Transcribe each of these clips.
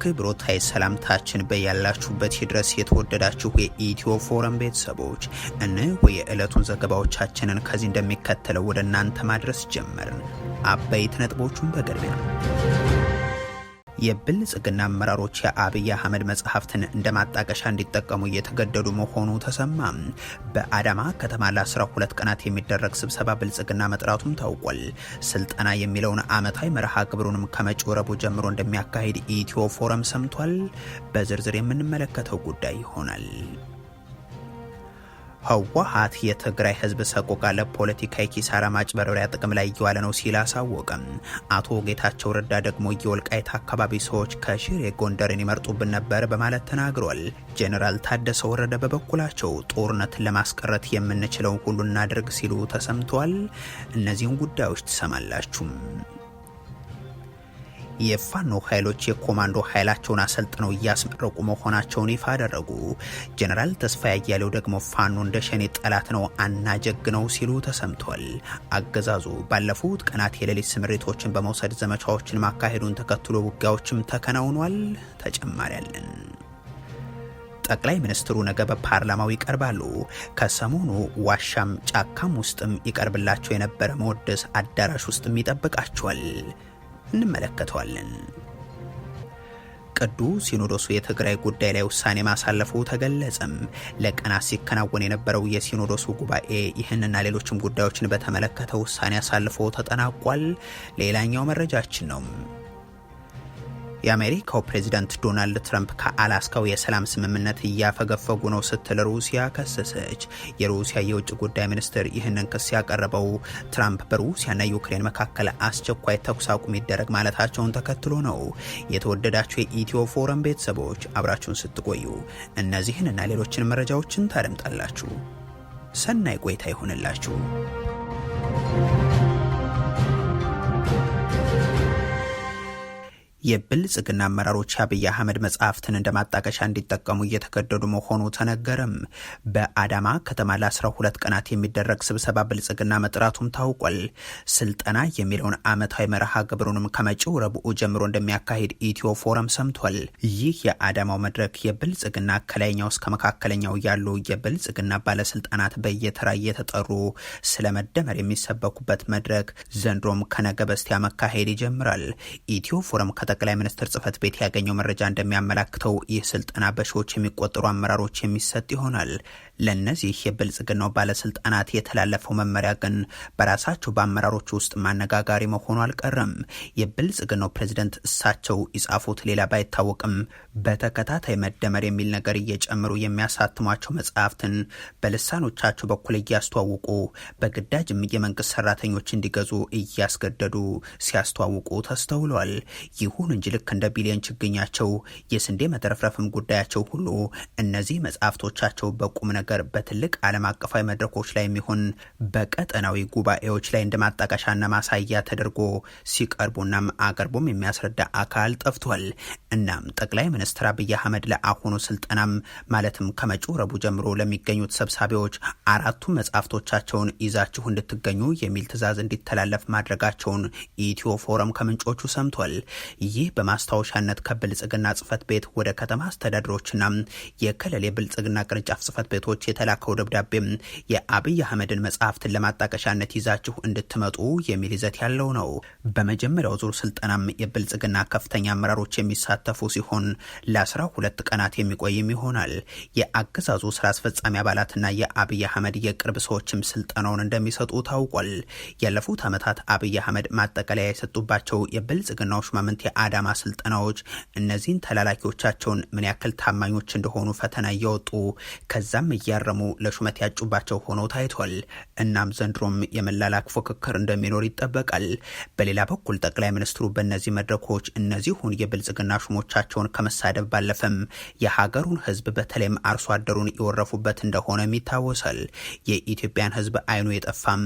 አክብሮታዊ ሰላምታችን በያላችሁበት ድረስ የተወደዳችሁ የኢትዮ ፎረም ቤተሰቦች እነሆ የዕለቱን ዘገባዎቻችንን ከዚህ እንደሚከተለው ወደ እናንተ ማድረስ ጀመርን። አበይት ነጥቦቹን በቅድሚያ የብልጽግና አመራሮች የአብይ አህመድ መጽሐፍትን እንደ ማጣቀሻ እንዲጠቀሙ እየተገደዱ መሆኑ ተሰማ። በአዳማ ከተማ ለ12 ቀናት የሚደረግ ስብሰባ ብልጽግና መጥራቱም ታውቋል። ስልጠና የሚለውን ዓመታዊ መርሃ ግብሩንም ከመጪው ረቡዕ ጀምሮ እንደሚያካሂድ ኢትዮ ፎረም ሰምቷል። በዝርዝር የምንመለከተው ጉዳይ ይሆናል። ህወሓት የትግራይ ህዝብ ሰቆቃ ለፖለቲካዊ ኪሳራ ማጭበረሪያ ጥቅም ላይ እየዋለ ነው ሲል አሳወቀም። አቶ ጌታቸው ረዳ ደግሞ የወልቃይት አካባቢ ሰዎች ከሽሬ ጎንደርን ይመርጡብን ነበር በማለት ተናግሯል። ጄኔራል ታደሰ ወረደ በበኩላቸው ጦርነትን ለማስቀረት የምንችለውን ሁሉ እናድርግ ሲሉ ተሰምተዋል። እነዚህን ጉዳዮች ትሰማላችሁም። የፋኖ ኃይሎች የኮማንዶ ኃይላቸውን አሰልጥነው እያስመረቁ መሆናቸውን ይፋ አደረጉ። ጀነራል ተስፋ ያያሌው ደግሞ ፋኖ እንደ ሸኔ ጠላት ነው አናጀግ ነው ሲሉ ተሰምቷል። አገዛዙ ባለፉት ቀናት የሌሊት ስምሪቶችን በመውሰድ ዘመቻዎችን ማካሄዱን ተከትሎ ውጊያዎችም ተከናውኗል። ተጨማሪ አለን። ጠቅላይ ሚኒስትሩ ነገ በፓርላማው ይቀርባሉ። ከሰሞኑ ዋሻም ጫካም ውስጥም ይቀርብላቸው የነበረ መወደስ አዳራሽ ውስጥም ይጠብቃቸዋል። እንመለከተዋለን። ቅዱስ ሲኖዶሱ የትግራይ ጉዳይ ላይ ውሳኔ ማሳለፉ ተገለጸም። ለቀናት ሲከናወን የነበረው የሲኖዶሱ ጉባኤ ይህንና ሌሎችም ጉዳዮችን በተመለከተ ውሳኔ አሳልፎ ተጠናቋል። ሌላኛው መረጃችን ነው። የአሜሪካው ፕሬዚዳንት ዶናልድ ትራምፕ ከአላስካው የሰላም ስምምነት እያፈገፈጉ ነው ስትል ሩሲያ ከሰሰች። የሩሲያ የውጭ ጉዳይ ሚኒስትር ይህንን ክስ ያቀረበው ትራምፕ በሩሲያና ዩክሬን መካከል አስቸኳይ ተኩስ አቁም ይደረግ ማለታቸውን ተከትሎ ነው። የተወደዳቸው የኢትዮ ፎረም ቤተሰቦች አብራችሁን ስትቆዩ እነዚህን እና ሌሎችን መረጃዎችን ታደምጣላችሁ። ሰናይ ቆይታ ይሆንላችሁ። የብልጽግና አመራሮች አብይ አህመድ መጽሐፍትን እንደ ማጣቀሻ እንዲጠቀሙ እየተገደዱ መሆኑ ተነገረም። በአዳማ ከተማ ለአስራ 12 ቀናት የሚደረግ ስብሰባ ብልጽግና መጥራቱም ታውቋል። ስልጠና የሚለውን ዓመታዊ መርሃ ግብሩንም ከመጪው ረቡዕ ጀምሮ እንደሚያካሂድ ኢትዮ ፎረም ሰምቷል። ይህ የአዳማው መድረክ የብልጽግና ከላይኛው እስከ መካከለኛው ያሉ የብልጽግና ባለስልጣናት በየተራ እየተጠሩ ስለ መደመር የሚሰበኩበት መድረክ ዘንድሮም ከነገ በስቲያ መካሄድ ይጀምራል። ኢትዮ ፎረም ከጠቅላይ ሚኒስትር ጽህፈት ቤት ያገኘው መረጃ እንደሚያመላክተው ይህ ስልጠና በሺዎች የሚቆጠሩ አመራሮች የሚሰጥ ይሆናል። ለእነዚህ የብልጽግናው ባለስልጣናት የተላለፈው መመሪያ ግን በራሳቸው በአመራሮች ውስጥ ማነጋጋሪ መሆኑ አልቀረም። የብልጽግናው ፕሬዚደንት እሳቸው ይጻፉት ሌላ ባይታወቅም በተከታታይ መደመር የሚል ነገር እየጨመሩ የሚያሳትሟቸው መጽሐፍትን በልሳኖቻቸው በኩል እያስተዋውቁ በግዳጅም የመንግስት ሰራተኞች እንዲገዙ እያስገደዱ ሲያስተዋውቁ ተስተውሏል። ይሁ ይሁን እንጂ ልክ እንደ ቢሊዮን ችግኛቸው የስንዴ መትረፍረፍም ጉዳያቸው ሁሉ እነዚህ መጽሐፍቶቻቸው በቁም ነገር በትልቅ ዓለም አቀፋዊ መድረኮች ላይ የሚሆን በቀጠናዊ ጉባኤዎች ላይ እንደ ማጣቀሻና ማሳያ ተደርጎ ሲቀርቡናም አቅርቦም የሚያስረዳ አካል ጠፍቷል። እናም ጠቅላይ ሚኒስትር አብይ አህመድ ለአሁኑ ስልጠናም ማለትም ከመጪው ረቡዕ ጀምሮ ለሚገኙት ሰብሳቢዎች አራቱ መጽሐፍቶቻቸውን ይዛችሁ እንድትገኙ የሚል ትዕዛዝ እንዲተላለፍ ማድረጋቸውን ኢትዮ ፎረም ከምንጮቹ ሰምቷል። ይህ በማስታወሻነት ከብልጽግና ጽህፈት ቤት ወደ ከተማ አስተዳደሮችና የክልል የብልጽግና ቅርንጫፍ ጽህፈት ቤቶች የተላከው ደብዳቤም የአብይ አህመድን መጽሐፍትን ለማጣቀሻነት ይዛችሁ እንድትመጡ የሚል ይዘት ያለው ነው። በመጀመሪያው ዙር ስልጠናም የብልጽግና ከፍተኛ አመራሮች የሚሳተፉ ሲሆን ለአስራ ሁለት ቀናት የሚቆይም ይሆናል። የአገዛዙ ስራ አስፈጻሚ አባላትና የአብይ አህመድ የቅርብ ሰዎችም ስልጠናውን እንደሚሰጡ ታውቋል። ያለፉት ዓመታት አብይ አህመድ ማጠቃለያ የሰጡባቸው የብልጽግናው ሹማምንት አዳማ ስልጠናዎች እነዚህን ተላላኪዎቻቸውን ምን ያክል ታማኞች እንደሆኑ ፈተና እያወጡ ከዛም እያረሙ ለሹመት ያጩባቸው ሆኖ ታይቷል። እናም ዘንድሮም የመላላክ ፉክክር እንደሚኖር ይጠበቃል። በሌላ በኩል ጠቅላይ ሚኒስትሩ በእነዚህ መድረኮች እነዚሁን የብልጽግና ሹሞቻቸውን ከመሳደብ ባለፈም የሀገሩን ህዝብ በተለይም አርሶ አደሩን የወረፉበት እንደሆነም ይታወሳል። የኢትዮጵያን ህዝብ አይኑ የጠፋም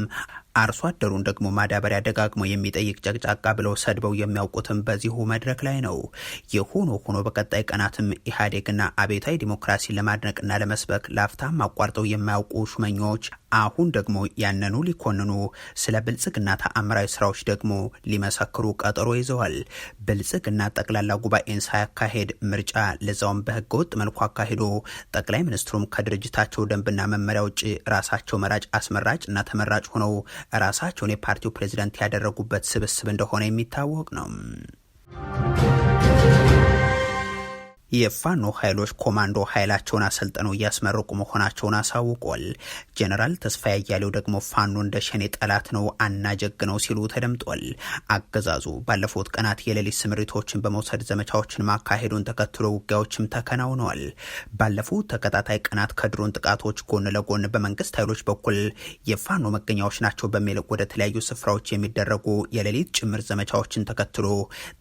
አርሶ አደሩን ደግሞ ማዳበሪያ ደጋግሞ የሚጠይቅ ጨቅጫቃ ብለው ሰድበው የሚያውቁትም በዚሁ መድረክ ላይ ነው። የሆኖ ሆኖ በቀጣይ ቀናትም ኢህአዴግና አቤታዊ ዲሞክራሲ ለማድነቅና ለመስበክ ላፍታም አቋርጠው የማያውቁ ሹመኞች አሁን ደግሞ ያንኑ ሊኮንኑ፣ ስለ ብልጽግና ተአምራዊ ስራዎች ደግሞ ሊመሰክሩ ቀጠሮ ይዘዋል። ብልጽግና ጠቅላላ ጉባኤን ሳያካሄድ ምርጫ ለዛውም በህገወጥ መልኩ አካሂዶ ጠቅላይ ሚኒስትሩም ከድርጅታቸው ደንብና መመሪያ ውጭ ራሳቸው መራጭ አስመራጭ እና ተመራጭ ሆነው ራሳቸውን የፓርቲው ፕሬዚደንት ያደረጉበት ስብስብ እንደሆነ የሚታወቅ ነው። የፋኖ ኃይሎች ኮማንዶ ኃይላቸውን አሰልጥነው እያስመረቁ መሆናቸውን አሳውቋል። ጀነራል ተስፋ ያያሌው ደግሞ ፋኖ እንደ ሸኔ ጠላት ነው አናጀግ ነው ሲሉ ተደምጧል። አገዛዙ ባለፉት ቀናት የሌሊት ስምሪቶችን በመውሰድ ዘመቻዎችን ማካሄዱን ተከትሎ ውጊያዎችም ተከናውነዋል። ባለፉት ተከታታይ ቀናት ከድሮን ጥቃቶች ጎን ለጎን በመንግስት ኃይሎች በኩል የፋኖ መገኛዎች ናቸው በሚል ወደ ተለያዩ ስፍራዎች የሚደረጉ የሌሊት ጭምር ዘመቻዎችን ተከትሎ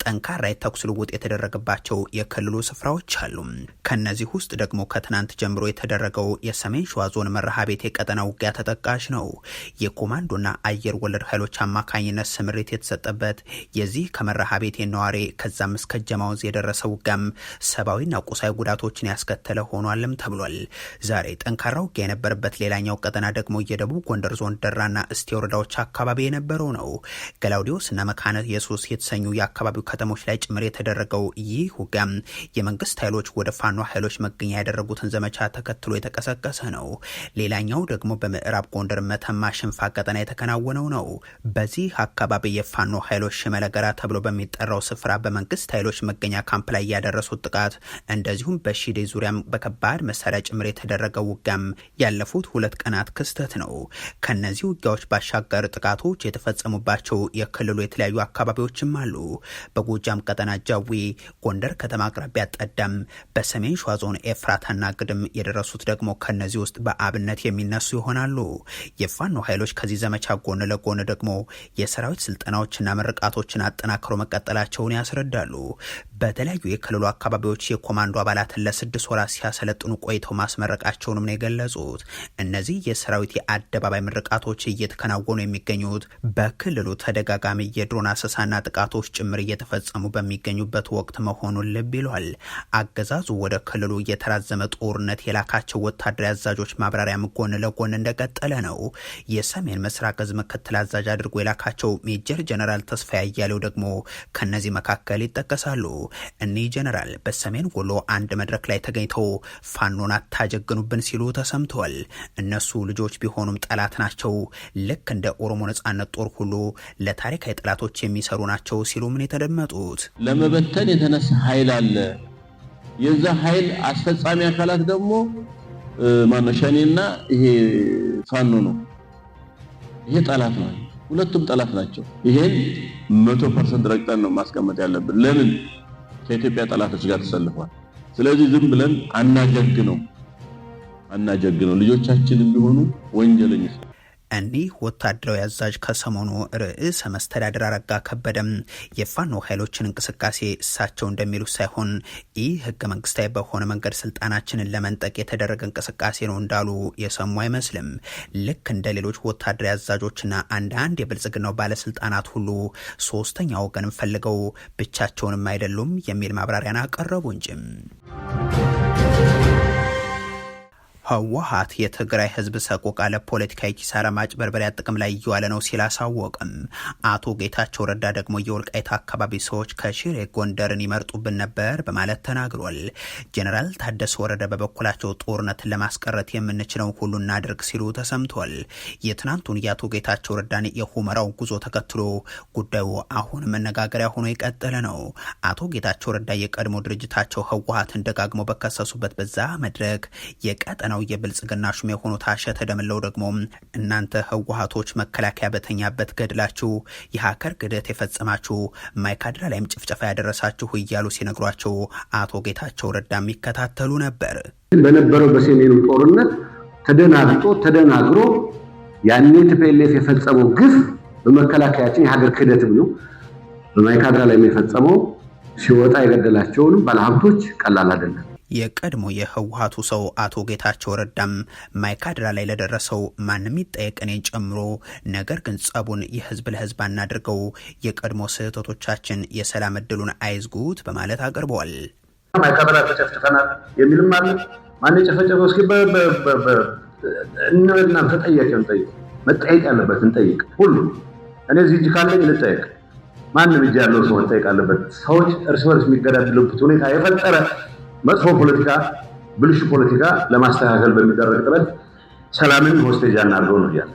ጠንካራ የተኩስ ልውውጥ የተደረገባቸው የክልሉ ስፍራዎች ጉዳዮች አሉ። ከእነዚህ ውስጥ ደግሞ ከትናንት ጀምሮ የተደረገው የሰሜን ሸዋ ዞን መርሃ ቤት የቀጠና ውጊያ ተጠቃሽ ነው። የኮማንዶና አየር ወለድ ኃይሎች አማካኝነት ስምሪት የተሰጠበት የዚህ ከመርሃ ቤቴ ነዋሪ ከዛም እስከ ጀማውዝ የደረሰ ውጊያም ሰብአዊና ቁሳዊ ጉዳቶችን ያስከተለ ሆኗልም ተብሏል። ዛሬ ጠንካራ ውጊያ የነበረበት ሌላኛው ቀጠና ደግሞ የደቡብ ጎንደር ዞን ደራና እስቴ ወረዳዎች አካባቢ የነበረው ነው። ገላውዲዮስና መካነ የሱስ የተሰኙ የአካባቢው ከተሞች ላይ ጭምር የተደረገው ይህ ውጊያ የመንግስት የመንግስት ኃይሎች ወደ ፋኖ ኃይሎች መገኛ ያደረጉትን ዘመቻ ተከትሎ የተቀሰቀሰ ነው። ሌላኛው ደግሞ በምዕራብ ጎንደር መተማ ሽንፋ ቀጠና የተከናወነው ነው። በዚህ አካባቢ የፋኖ ኃይሎች ሽመለገራ ተብሎ በሚጠራው ስፍራ በመንግስት ኃይሎች መገኛ ካምፕ ላይ ያደረሱት ጥቃት፣ እንደዚሁም በሺዴ ዙሪያም በከባድ መሳሪያ ጭምር የተደረገ ውጊያም ያለፉት ሁለት ቀናት ክስተት ነው። ከነዚህ ውጊያዎች ባሻገር ጥቃቶች የተፈጸሙባቸው የክልሉ የተለያዩ አካባቢዎችም አሉ። በጎጃም ቀጠና ጃዊ፣ ጎንደር ከተማ አቅራቢያ ጠዳ ደም በሰሜን ሸዋ ዞን ኤፍራታና ግድም የደረሱት ደግሞ ከነዚህ ውስጥ በአብነት የሚነሱ ይሆናሉ። የፋኖ ኃይሎች ከዚህ ዘመቻ ጎን ለጎን ደግሞ የሰራዊት ስልጠናዎችና መርቃቶችን አጠናክሮ መቀጠላቸውን ያስረዳሉ። በተለያዩ የክልሉ አካባቢዎች የኮማንዶ አባላትን ለስድስት ወራት ሲያሰለጥኑ ቆይተው ማስመረቃቸውንም ነው የገለጹት። እነዚህ የሰራዊት የአደባባይ ምርቃቶች እየተከናወኑ የሚገኙት በክልሉ ተደጋጋሚ የድሮን አሰሳና ጥቃቶች ጭምር እየተፈጸሙ በሚገኙበት ወቅት መሆኑን ልብ ይሏል። አገዛዙ ወደ ክልሉ የተራዘመ ጦርነት የላካቸው ወታደራዊ አዛዦች ማብራሪያም ጎን ለጎን እንደቀጠለ ነው። የሰሜን ምስራቅ እዝ ምክትል አዛዥ አድርጎ የላካቸው ሜጀር ጀነራል ተስፋዬ አያሌው ደግሞ ከነዚህ መካከል ይጠቀሳሉ። እኒህ ጀነራል በሰሜን ወሎ አንድ መድረክ ላይ ተገኝተው ፋኖን አታጀግኑብን ሲሉ ተሰምተዋል። እነሱ ልጆች ቢሆኑም ጠላት ናቸው፣ ልክ እንደ ኦሮሞ ነጻነት ጦር ሁሉ ለታሪካዊ ጠላቶች የሚሰሩ ናቸው ሲሉ ምን የተደመጡት ለመበተን የተነሳ ኃይል አለ የዛ ኃይል አስፈጻሚ አካላት ደግሞ ማነሻኔና ይሄ ፋኖ ነው። ይሄ ጠላት ነው። ሁለቱም ጠላት ናቸው። ይሄን 100% ረግጠን ነው ማስቀመጥ ያለብን። ለምን ከኢትዮጵያ ጠላቶች ጋር ተሰልፏል። ስለዚህ ዝም ብለን አናጀግ ነው አናጀግ ነው። ልጆቻችንም ቢሆኑ ወንጀለኞች እኒህ ወታደራዊ አዛዥ ከሰሞኑ ርዕሰ መስተዳድር አረጋ ከበደም የፋኖ ኃይሎችን እንቅስቃሴ እሳቸው እንደሚሉ ሳይሆን ይህ ህገ መንግስታዊ በሆነ መንገድ ስልጣናችንን ለመንጠቅ የተደረገ እንቅስቃሴ ነው እንዳሉ የሰሙ አይመስልም። ልክ እንደ ሌሎች ወታደራዊ አዛዦችና አንዳንድ የብልጽግናው ባለስልጣናት ሁሉ ሶስተኛ ወገንም ፈልገው ብቻቸውንም አይደሉም የሚል ማብራሪያን አቀረቡ እንጂም ህወሀት የትግራይ ህዝብ ሰቆቃ ለፖለቲካዊ ኪሳራ ማጭበርበሪያ ጥቅም ላይ እየዋለ ነው ሲል አሳወቅም። አቶ ጌታቸው ረዳ ደግሞ የወልቃይት አካባቢ ሰዎች ከሽሬ ጎንደርን ይመርጡብን ነበር በማለት ተናግሯል። ጀኔራል ታደሰ ወረደ በበኩላቸው ጦርነትን ለማስቀረት የምንችለው ሁሉ እናድርግ ሲሉ ተሰምቷል። የትናንቱን የአቶ ጌታቸው ረዳን የሁመራው ጉዞ ተከትሎ ጉዳዩ አሁን መነጋገሪያ ሆኖ የቀጠለ ነው። አቶ ጌታቸው ረዳ የቀድሞ ድርጅታቸው ህወሀትን ደጋግሞ በከሰሱበት በዛ መድረክ የቀጠ የቀጠናው የብልጽግና ሹም የሆኑት አሸተ ደምለው ደግሞ እናንተ ህወሀቶች መከላከያ በተኛበት ገድላችሁ የሀከር ግደት የፈጸማችሁ ማይካድራ ላይም ጭፍጨፋ ያደረሳችሁ እያሉ ሲነግሯቸው አቶ ጌታቸው ረዳ የሚከታተሉ ነበር። በነበረው በሰሜኑ ጦርነት ተደናግጦ ተደናግሮ ያኔ ቲፒኤልኤፍ የፈጸመው ግፍ በመከላከያችን የሀገር ክህደትም ነው። በማይካድራ ላይ የፈጸመው ሲወጣ የገደላቸውንም ባለሀብቶች ቀላል አይደለም። የቀድሞ የህወሀቱ ሰው አቶ ጌታቸው ረዳም ማይካድራ ላይ ለደረሰው ማንም ይጠየቅ እኔን ጨምሮ ነገር ግን ጸቡን የህዝብ ለህዝብ አናድርገው፣ የቀድሞ ስህተቶቻችን የሰላም እድሉን አይዝጉት በማለት አቅርበዋል። ማይካድራ ተጨፍጭፈናል የሚልም አለ። ማን የጨፈጨፈው? እስኪ እንበልና ተጠያቂ እንጠይቅ፣ መጠየቅ ያለበት እንጠይቅ። ሁሉ እኔ እዚህ እጅ ካለኝ ልጠየቅ፣ ማንም እጅ ያለው ሰው መጠየቅ አለበት። ሰዎች እርስ በርስ የሚገዳደሉበት ሁኔታ የፈጠረ መጥፎ ፖለቲካ፣ ብልሹ ፖለቲካ ለማስተካከል በሚደረግ ጥረት ሰላምን ሆስቴጅ አናድርገው ነው እያለ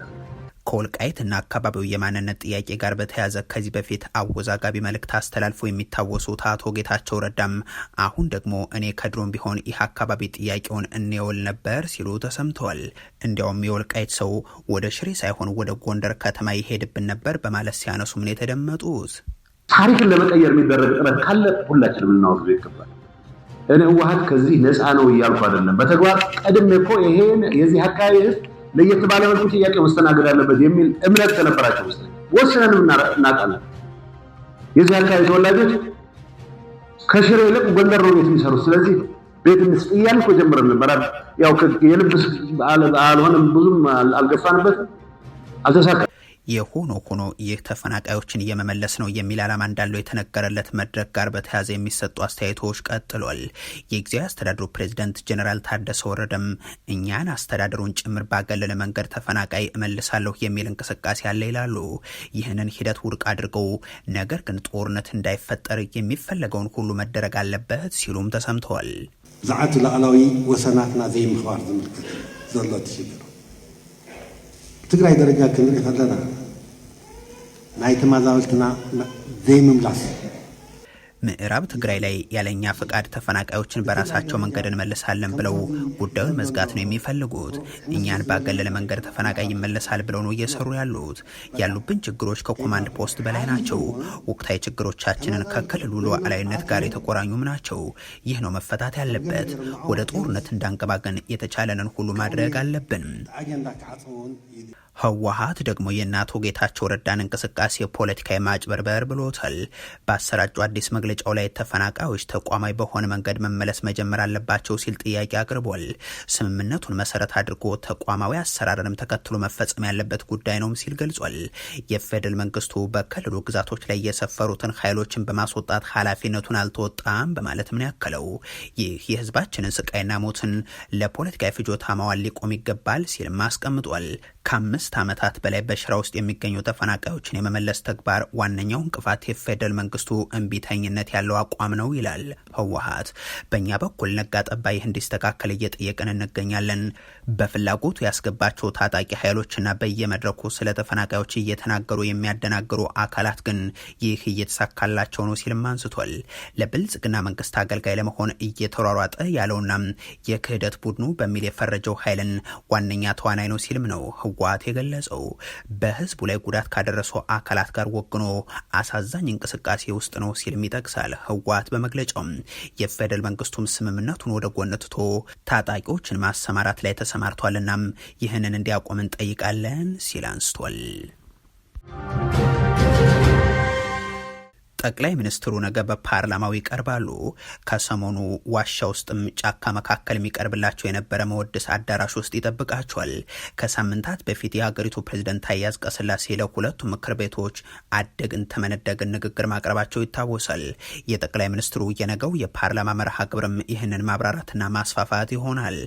እና አካባቢው የማንነት ጥያቄ ጋር በተያያዘ ከዚህ በፊት አወዛጋቢ መልእክት አስተላልፎ የሚታወሱት አቶ ጌታቸው ረዳም አሁን ደግሞ እኔ ከድሮም ቢሆን ይህ አካባቢ ጥያቄውን እንየውል ነበር ሲሉ ተሰምተዋል። እንዲያውም የወልቃይት ሰው ወደ ሽሬ ሳይሆን ወደ ጎንደር ከተማ ይሄድብን ነበር በማለት ሲያነሱም ነው የተደመጡት። ታሪክን ለመቀየር የሚደረግ ጥረት ካለ ሁላችንም ልናወግዘው ይገባል። እኔ ህወሓት ከዚህ ነፃ ነው እያልኩ አይደለም። በተግባር ቀድሜ እኮ ይሄን የዚህ አካባቢ ህዝብ ለየት ባለ መልኩ ጥያቄ መስተናገድ አለበት የሚል እምነት ከነበራቸው ውስጥ ወስነንም እናውቃለን። የዚህ አካባቢ ተወላጆች ከሽሮ ይልቅ ጎንደር ነው ቤት የሚሰሩት። ስለዚህ ቤት ምስ እያልን እኮ ጀምረን ነበር። ያው የልብስ አልሆነም፣ ብዙም አልገፋንበትም፣ አልተሳካም። የሆኖ ሆኖ ይህ ተፈናቃዮችን እየመመለስ ነው የሚል ዓላማ እንዳለው የተነገረለት መድረክ ጋር በተያያዘ የሚሰጡ አስተያየቶች ቀጥሏል። የጊዜያዊ አስተዳደሩ ፕሬዚደንት ጀኔራል ታደሰ ወረደም እኛን አስተዳደሩን ጭምር ባገለለ መንገድ ተፈናቃይ እመልሳለሁ የሚል እንቅስቃሴ አለ ይላሉ። ይህንን ሂደት ውድቅ አድርገው ነገር ግን ጦርነት እንዳይፈጠር የሚፈለገውን ሁሉ መደረግ አለበት ሲሉም ተሰምተዋል። ዛዓት ላዕላዊ ወሰናትና ዘይምክባር ዝምልክት ዘሎ ትሽግር ትግራይ ደረጃ ክንሪኢ ከለና ናይቲ ማዛበልትና ዘይምምላስ ምዕራብ ትግራይ ላይ ያለኛ ፈቃድ ተፈናቃዮችን በራሳቸው መንገድ እንመልሳለን ብለው ጉዳዩን መዝጋት ነው የሚፈልጉት። እኛን ባገለለ መንገድ ተፈናቃይ ይመለሳል ብለው ነው እየሰሩ ያሉት። ያሉብን ችግሮች ከኮማንድ ፖስት በላይ ናቸው። ወቅታዊ ችግሮቻችንን ከክልሉ ሉዓላዊነት ጋር የተቆራኙም ናቸው። ይህ ነው መፈታት ያለበት። ወደ ጦርነት እንዳንገባገን የተቻለንን ሁሉ ማድረግ አለብን። ህወሀት ደግሞ የእናቶ ጌታቸው ረዳን እንቅስቃሴ ፖለቲካዊ ማጭበርበር ብሎታል። በአሰራጩ አዲስ መግለጫው ላይ ተፈናቃዮች ተቋማዊ በሆነ መንገድ መመለስ መጀመር አለባቸው ሲል ጥያቄ አቅርቧል። ስምምነቱን መሰረት አድርጎ ተቋማዊ አሰራርንም ተከትሎ መፈጸም ያለበት ጉዳይ ነውም ሲል ገልጿል። የፌደራል መንግስቱ በክልሉ ግዛቶች ላይ የሰፈሩትን ኃይሎችን በማስወጣት ኃላፊነቱን አልተወጣም በማለት ምን ያከለው ይህ የህዝባችንን ስቃይና ሞትን ለፖለቲካዊ ፍጆታ ማዋል ሊቆም ይገባል ሲልም አስቀምጧል። ከአምስት ከአምስት ዓመታት በላይ በሽራ ውስጥ የሚገኙ ተፈናቃዮችን የመመለስ ተግባር ዋነኛው እንቅፋት የፌደራል መንግስቱ እምቢተኝነት ያለው አቋም ነው ይላል ህወሀት። በእኛ በኩል ነጋጠባ ይህ እንዲስተካከል እየጠየቅን እንገኛለን። በፍላጎቱ ያስገባቸው ታጣቂ ኃይሎችና በየመድረኩ ስለ ተፈናቃዮች እየተናገሩ የሚያደናግሩ አካላት ግን ይህ እየተሳካላቸው ነው ሲልም አንስቷል። ለብልጽግና መንግስት አገልጋይ ለመሆን እየተሯሯጠ ያለውና የክህደት ቡድኑ በሚል የፈረጀው ኃይልን ዋነኛ ተዋናይ ነው ሲልም ነው ህወሓት የገለጸው። በህዝቡ ላይ ጉዳት ካደረሱ አካላት ጋር ወግኖ አሳዛኝ እንቅስቃሴ ውስጥ ነው ሲልም ይጠቅሳል ህወሓት በመግለጫው የፌደራል መንግስቱም ስምምነቱን ወደ ጎን ትቶ ታጣቂዎችን ማሰማራት ላይ ተሰ ተሰማርቷልናም ይህንን እንዲያቆም እንጠይቃለን ሲል አንስቷል። ጠቅላይ ሚኒስትሩ ነገ በፓርላማው ይቀርባሉ። ከሰሞኑ ዋሻ ውስጥም ጫካ መካከል የሚቀርብላቸው የነበረ መወደስ አዳራሽ ውስጥ ይጠብቃቸዋል። ከሳምንታት በፊት የሀገሪቱ ፕሬዝደንት ታዬ አጽቀሥላሴ ለሁለቱ ምክር ቤቶች አደግን ተመነደግን ንግግር ማቅረባቸው ይታወሳል። የጠቅላይ ሚኒስትሩ የነገው የፓርላማ መርሃ ግብርም ይህንን ማብራራትና ማስፋፋት ይሆናል።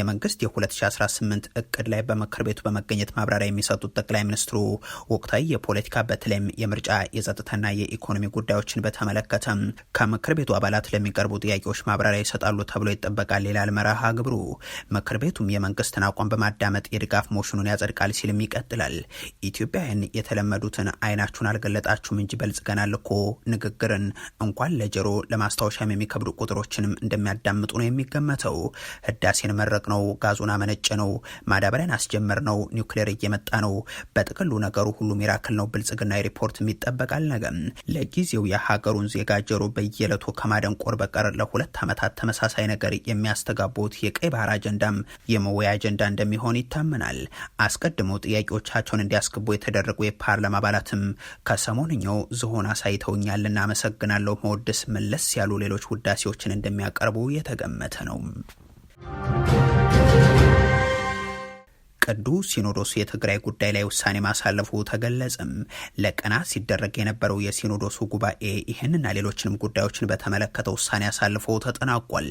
የመንግስት የ2018 እቅድ ላይ በምክር ቤቱ በመገኘት ማብራሪያ የሚሰጡት ጠቅላይ ሚኒስትሩ ወቅታዊ የፖለቲካ በተለይም የምርጫ የጸጥታና የኢኮኖሚ ጉዳዮችን በተመለከተ ከምክር ቤቱ አባላት ለሚቀርቡ ጥያቄዎች ማብራሪያ ይሰጣሉ ተብሎ ይጠበቃል ይላል መርሃ ግብሩ። ምክር ቤቱም የመንግስትን አቋም በማዳመጥ የድጋፍ ሞሽኑን ያጸድቃል ሲልም ይቀጥላል። ኢትዮጵያውያን የተለመዱትን አይናችሁን አልገለጣችሁም እንጂ በልጽገናል እኮ ንግግርን እንኳን ለጆሮ ለማስታወሻም የሚከብዱ ቁጥሮችንም እንደሚያዳምጡ ነው የሚገመተው። ህዳሴን መረቅ ነው፣ ጋዙን አመነጭ ነው፣ ማዳበሪያን አስጀመር ነው፣ ኒውክሌር እየመጣ ነው። በጥቅሉ ነገሩ ሁሉ ሚራክል ነው። ብልጽግና ሪፖርት የሚጠበቃል ነገም ለጊዜ ለጊዜው የሀገሩን ዜጋ ጀሮ በየዕለቱ ከማደንቆር በቀር ለሁለት ዓመታት ተመሳሳይ ነገር የሚያስተጋቡት የቀይ ባህር አጀንዳም የመወያ አጀንዳ እንደሚሆን ይታመናል። አስቀድመው ጥያቄዎቻቸውን እንዲያስገቡ የተደረጉ የፓርላማ አባላትም ከሰሞንኛው ዝሆን አሳይተውኛል፣ እናመሰግናለሁ መወደስ መለስ ያሉ ሌሎች ውዳሴዎችን እንደሚያቀርቡ የተገመተ ነው። ቅዱስ ሲኖዶሱ የትግራይ ጉዳይ ላይ ውሳኔ ማሳለፉ ተገለጸም። ለቀናት ሲደረግ የነበረው የሲኖዶሱ ጉባኤ ይህንና ሌሎችንም ጉዳዮችን በተመለከተ ውሳኔ አሳልፎ ተጠናቋል።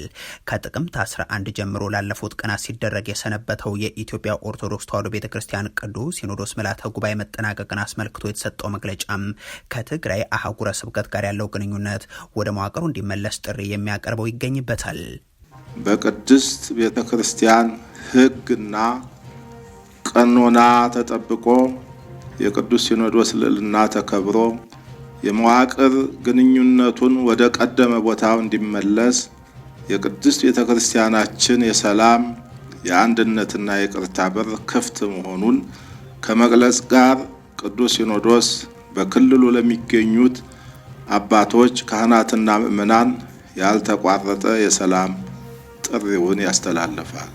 ከጥቅምት 11 ጀምሮ ላለፉት ቀናት ሲደረግ የሰነበተው የኢትዮጵያ ኦርቶዶክስ ተዋሕዶ ቤተ ክርስቲያን ቅዱስ ሲኖዶስ ምልዓተ ጉባኤ መጠናቀቅን አስመልክቶ የተሰጠው መግለጫም ከትግራይ አህጉረ ስብከት ጋር ያለው ግንኙነት ወደ መዋቅሩ እንዲመለስ ጥሪ የሚያቀርበው ይገኝበታል። በቅድስት ቤተ ክርስቲያን ሕግና ቀኖና ተጠብቆ የቅዱስ ሲኖዶስ ልዕልና ተከብሮ የመዋቅር ግንኙነቱን ወደ ቀደመ ቦታው እንዲመለስ የቅድስት ቤተ ክርስቲያናችን የሰላም የአንድነትና የቅርታ በር ክፍት መሆኑን ከመግለጽ ጋር ቅዱስ ሲኖዶስ በክልሉ ለሚገኙት አባቶች ካህናትና ምዕመናን ያልተቋረጠ የሰላም ጥሪውን ያስተላልፋል።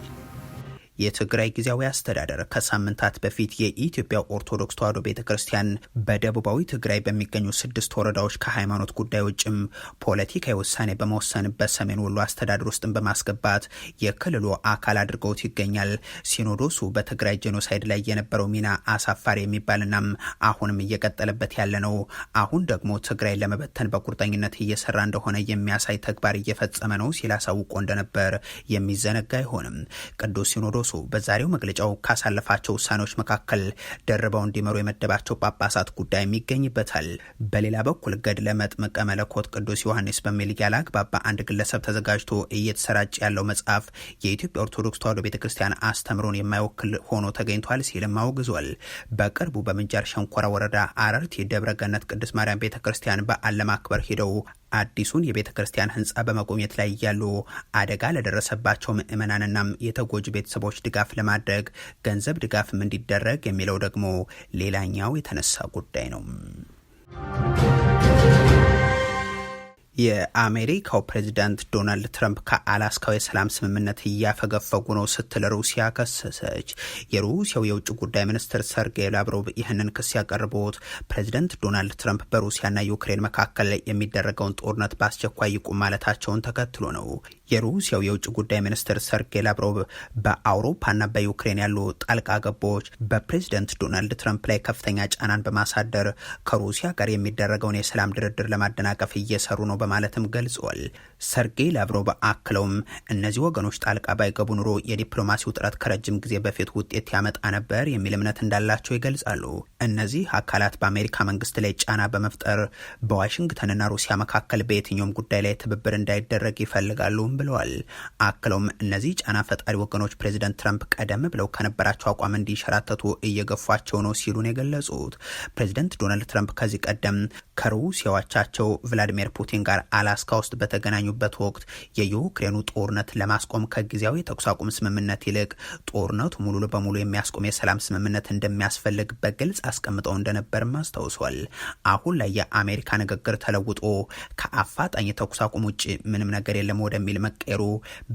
የትግራይ ጊዜያዊ አስተዳደር ከሳምንታት በፊት የኢትዮጵያ ኦርቶዶክስ ተዋህዶ ቤተ ክርስቲያን በደቡባዊ ትግራይ በሚገኙ ስድስት ወረዳዎች ከሃይማኖት ጉዳይ ውጭም ፖለቲካዊ ውሳኔ በመወሰንበት ሰሜን ወሎ አስተዳደር ውስጥን በማስገባት የክልሉ አካል አድርገውት ይገኛል። ሲኖዶሱ በትግራይ ጄኖሳይድ ላይ የነበረው ሚና አሳፋሪ የሚባልና አሁንም እየቀጠለበት ያለ ነው። አሁን ደግሞ ትግራይ ለመበተን በቁርጠኝነት እየሰራ እንደሆነ የሚያሳይ ተግባር እየፈጸመ ነው ሲል አሳውቆ እንደነበር የሚዘነጋ አይሆንም። ቅዱስ ሲኖዶሱ ጳጳሱ በዛሬው መግለጫው ካሳለፋቸው ውሳኔዎች መካከል ደርበው እንዲመሩ የመደባቸው ጳጳሳት ጉዳይም ይገኝበታል። በሌላ በኩል ገድለ መጥምቀ መለኮት ቅዱስ ዮሐንስ በሚል ያላግባብ በአንድ ግለሰብ ተዘጋጅቶ እየተሰራጨ ያለው መጽሐፍ የኢትዮጵያ ኦርቶዶክስ ተዋሕዶ ቤተክርስቲያን አስተምሮን የማይወክል ሆኖ ተገኝቷል ሲልም አውግዟል። በቅርቡ በምንጃር ሸንኮራ ወረዳ አረርት ደብረ ገነት ቅድስት ማርያም ቤተክርስቲያን በዓል ለማክበር ሄደው አዲሱን የቤተ ክርስቲያን ህንፃ በመጎብኘት ላይ እያሉ አደጋ ለደረሰባቸው ምእመናንና የተጎጂ ቤተሰቦች ድጋፍ ለማድረግ ገንዘብ ድጋፍም እንዲደረግ የሚለው ደግሞ ሌላኛው የተነሳ ጉዳይ ነው። የአሜሪካው ፕሬዚዳንት ዶናልድ ትራምፕ ከአላስካው የሰላም ስምምነት እያፈገፈጉ ነው ስትል ሩሲያ ከሰሰች። የሩሲያው የውጭ ጉዳይ ሚኒስትር ሰርጌይ ላብሮቭ ይህንን ክስ ያቀርቡት ፕሬዚደንት ዶናልድ ትራምፕ በሩሲያና ዩክሬን መካከል የሚደረገውን ጦርነት በአስቸኳይ ይቁም ማለታቸውን ተከትሎ ነው። የሩሲያው የውጭ ጉዳይ ሚኒስትር ሰርጌይ ላቭሮቭ በአውሮፓና በዩክሬን ያሉ ጣልቃ ገቦች በፕሬዚደንት ዶናልድ ትራምፕ ላይ ከፍተኛ ጫናን በማሳደር ከሩሲያ ጋር የሚደረገውን የሰላም ድርድር ለማደናቀፍ እየሰሩ ነው በማለትም ገልጿል። ሰርጌይ ላብሮቭ አክለውም እነዚህ ወገኖች ጣልቃ ባይገቡ ኑሮ የዲፕሎማሲው ጥረት ከረጅም ጊዜ በፊት ውጤት ያመጣ ነበር የሚል እምነት እንዳላቸው ይገልጻሉ። እነዚህ አካላት በአሜሪካ መንግስት ላይ ጫና በመፍጠር በዋሽንግተንና ሩሲያ መካከል በየትኛውም ጉዳይ ላይ ትብብር እንዳይደረግ ይፈልጋሉ። ብለዋል። አክለውም እነዚህ ጫና ፈጣሪ ወገኖች ፕሬዚደንት ትራምፕ ቀደም ብለው ከነበራቸው አቋም እንዲሸራተቱ እየገፏቸው ነው ሲሉን የገለጹት ፕሬዚደንት ዶናልድ ትራምፕ ከዚህ ቀደም ከሩሲያው አቻቸው ቭላዲሚር ፑቲን ጋር አላስካ ውስጥ በተገናኙበት ወቅት የዩክሬኑ ጦርነት ለማስቆም ከጊዜያዊ የተኩስ አቁም ስምምነት ይልቅ ጦርነቱ ሙሉ በሙሉ የሚያስቆም የሰላም ስምምነት እንደሚያስፈልግ በግልጽ አስቀምጠው እንደነበርም አስታውሷል። አሁን ላይ የአሜሪካ ንግግር ተለውጦ ከአፋጣኝ የተኩስ አቁም ውጭ ምንም ነገር የለም ወደሚል መቀየሩ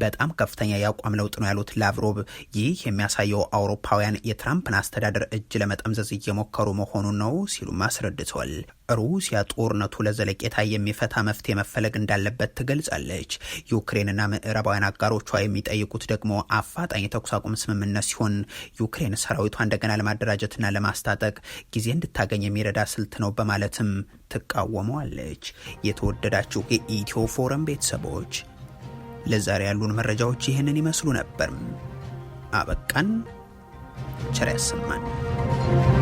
በጣም ከፍተኛ የአቋም ለውጥ ነው ያሉት ላቭሮቭ፣ ይህ የሚያሳየው አውሮፓውያን የትራምፕን አስተዳደር እጅ ለመጠምዘዝ እየሞከሩ መሆኑን ነው ሲሉም አስረድተዋል። ሩሲያ ጦርነቱ ለዘለቄታ የሚፈታ መፍትሄ መፈለግ እንዳለበት ትገልጻለች። ዩክሬንና ምዕራባውያን አጋሮቿ የሚጠይቁት ደግሞ አፋጣኝ የተኩስ አቁም ስምምነት ሲሆን ዩክሬን ሰራዊቷ እንደገና ለማደራጀትና ለማስታጠቅ ጊዜ እንድታገኝ የሚረዳ ስልት ነው በማለትም ትቃወመዋለች። የተወደዳችሁ የኢትዮ ፎረም ቤተሰቦች ለዛሬ ያሉን መረጃዎች ይህንን ይመስሉ ነበር። አበቃን። ቸር ያሰማን።